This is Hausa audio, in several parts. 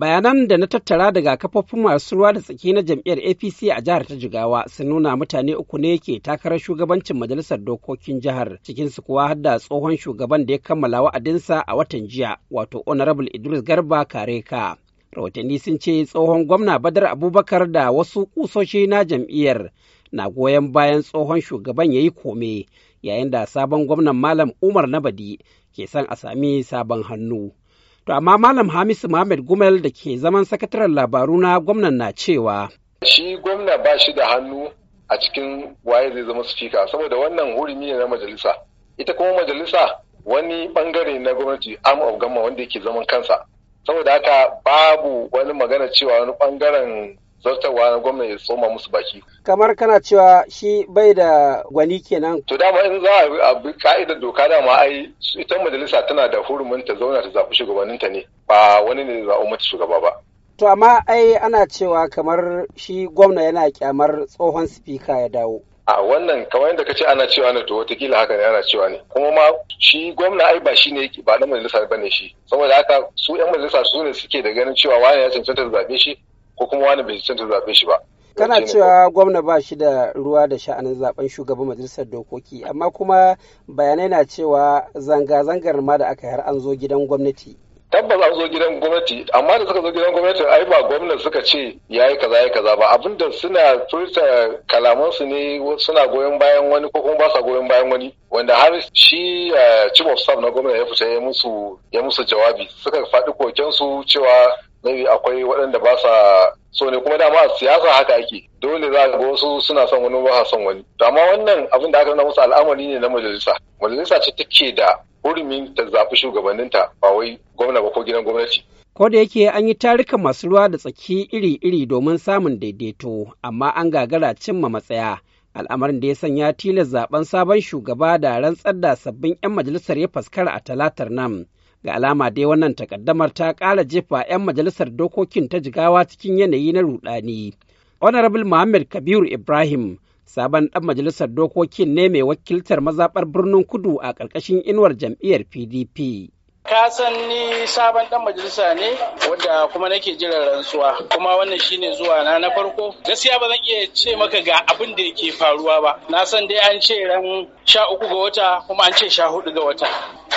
Bayanan da na tattara daga kafofin masu ruwa da tsaki na jam'iyyar APC a jihar ta Jigawa sun nuna mutane uku ne ke takarar shugabancin majalisar dokokin jihar cikin su kuwa har tsohon shugaban da ya kammala wa'adinsa a watan jiya wato Honorable Idris Garba Kareka. Rahotanni sun ce tsohon gwamna Badar Abubakar da wasu kusoshi na jam'iyyar na goyon bayan tsohon shugaban ya yi kome yayin da sabon gwamnan Malam Umar Nabadi ke son a sami sabon hannu. To amma Malam Hamisu Muhammad Gumel da ke zaman sakataren labaru na gwamnan na cewa. Shi gwamna ba shi da hannu a cikin waye zai zama sufika, saboda wannan hurumi ne na majalisa. Ita kuma majalisa wani bangare na gwamnati arm of gama wanda yake zaman kansa. Saboda haka babu wani magana cewa wani bangaren zartarwa na gwamna ya tsoma musu baki. Kamar kana cewa shi bai da gwani kenan. To dama in za a bi ka'idar doka dama ai ita majalisa tana da hurumin ta zauna ta zaɓi shugabanninta ne ba wani ne zaɓi mace shugaba ba. To amma ai ana cewa kamar shi gwamna yana kyamar tsohon sifika ya dawo. a wannan kamar yadda ce ana cewa ne to watakila haka ne ana cewa ne kuma ma shi gwamna ai ba shi ne ba na majalisa ne shi saboda haka su yan majalisa su ne suke da ganin cewa wani ya cancanta zaɓe shi ko kuma wani bai cancanta zaɓe shi ba kana cewa gwamna ba shi da ruwa da sha'anin zaben shugaban majalisar dokoki amma kuma bayanai na cewa zanga-zangar ma da aka yi har an zo gidan gwamnati tabbas an zo gidan gwamnati amma da suka zo gidan gwamnati ai ba gwamnan suka ce ya yi kaza ya kaza ba abinda suna furta kalamansu ne suna goyon bayan wani ko kuma ba sa goyon bayan wani wanda har shi eh, chief of staff na gwamna ya fita ya musu jawabi suka faɗi kokensu cewa maybe akwai waɗanda ba sa so ne kuma dama siyasa haka ake dole za ga wasu suna son wani ba son wani to amma wannan abin da aka nuna musu al'amari ne na majalisa majalisa ce take da hurumin ta zafi shugabanninta ba wai gwamna ba ko gidan gwamnati. Ko da yake an yi tarika masu ruwa da tsaki iri-iri domin samun daidaito, amma an gagara cimma matsaya. Al'amarin da ya sanya tilas zaben sabon shugaba da rantsar da sabbin 'yan majalisar ya faskara a talatar nan. Ga alama dai wannan takaddamar ta ƙara jefa 'yan majalisar dokokin ta jigawa cikin yanayi na rudani. Honorable Muhammad Kabiru Ibrahim sabon ɗan majalisar dokokin ne mai wakiltar mazaɓar birnin kudu a ƙarƙashin inuwar jam'iyyar pdp kasan ni sabon dan majalisa ne wanda kuma nake jiran rantsuwa kuma wannan shine zuwa na na farko gaskiya ba zan iya ce maka ga abin da yake faruwa ba na san dai an ce ran sha uku ga wata kuma an ce sha hudu ga wata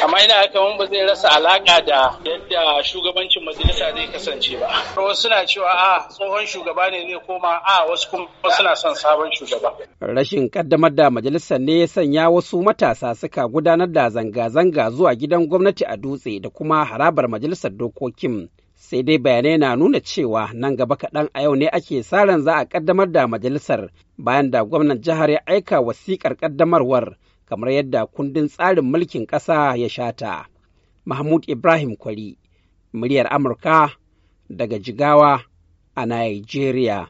amma ina mun ba zai rasa alaka da yadda shugabancin majalisa zai kasance ba wasu suna cewa a tsohon shugaba ne ne, koma a wasu kuma suna son sabon shugaba rashin kaddamar da majalisar ne ya sanya wasu matasa suka gudanar da zanga-zanga zuwa gidan gwamnati a dutse dutse da kuma harabar majalisar dokokin sai dai bayanai na nuna cewa nan gaba kaɗan a yau ne ake tsarin za a ƙaddamar da majalisar bayan da gwamnan jihar ya aika wasiƙar ƙaddamarwar kamar yadda kundin tsarin mulkin ƙasa ya shata. Mahmud Ibrahim Kwari, muryar Amurka daga Jigawa a Nigeria.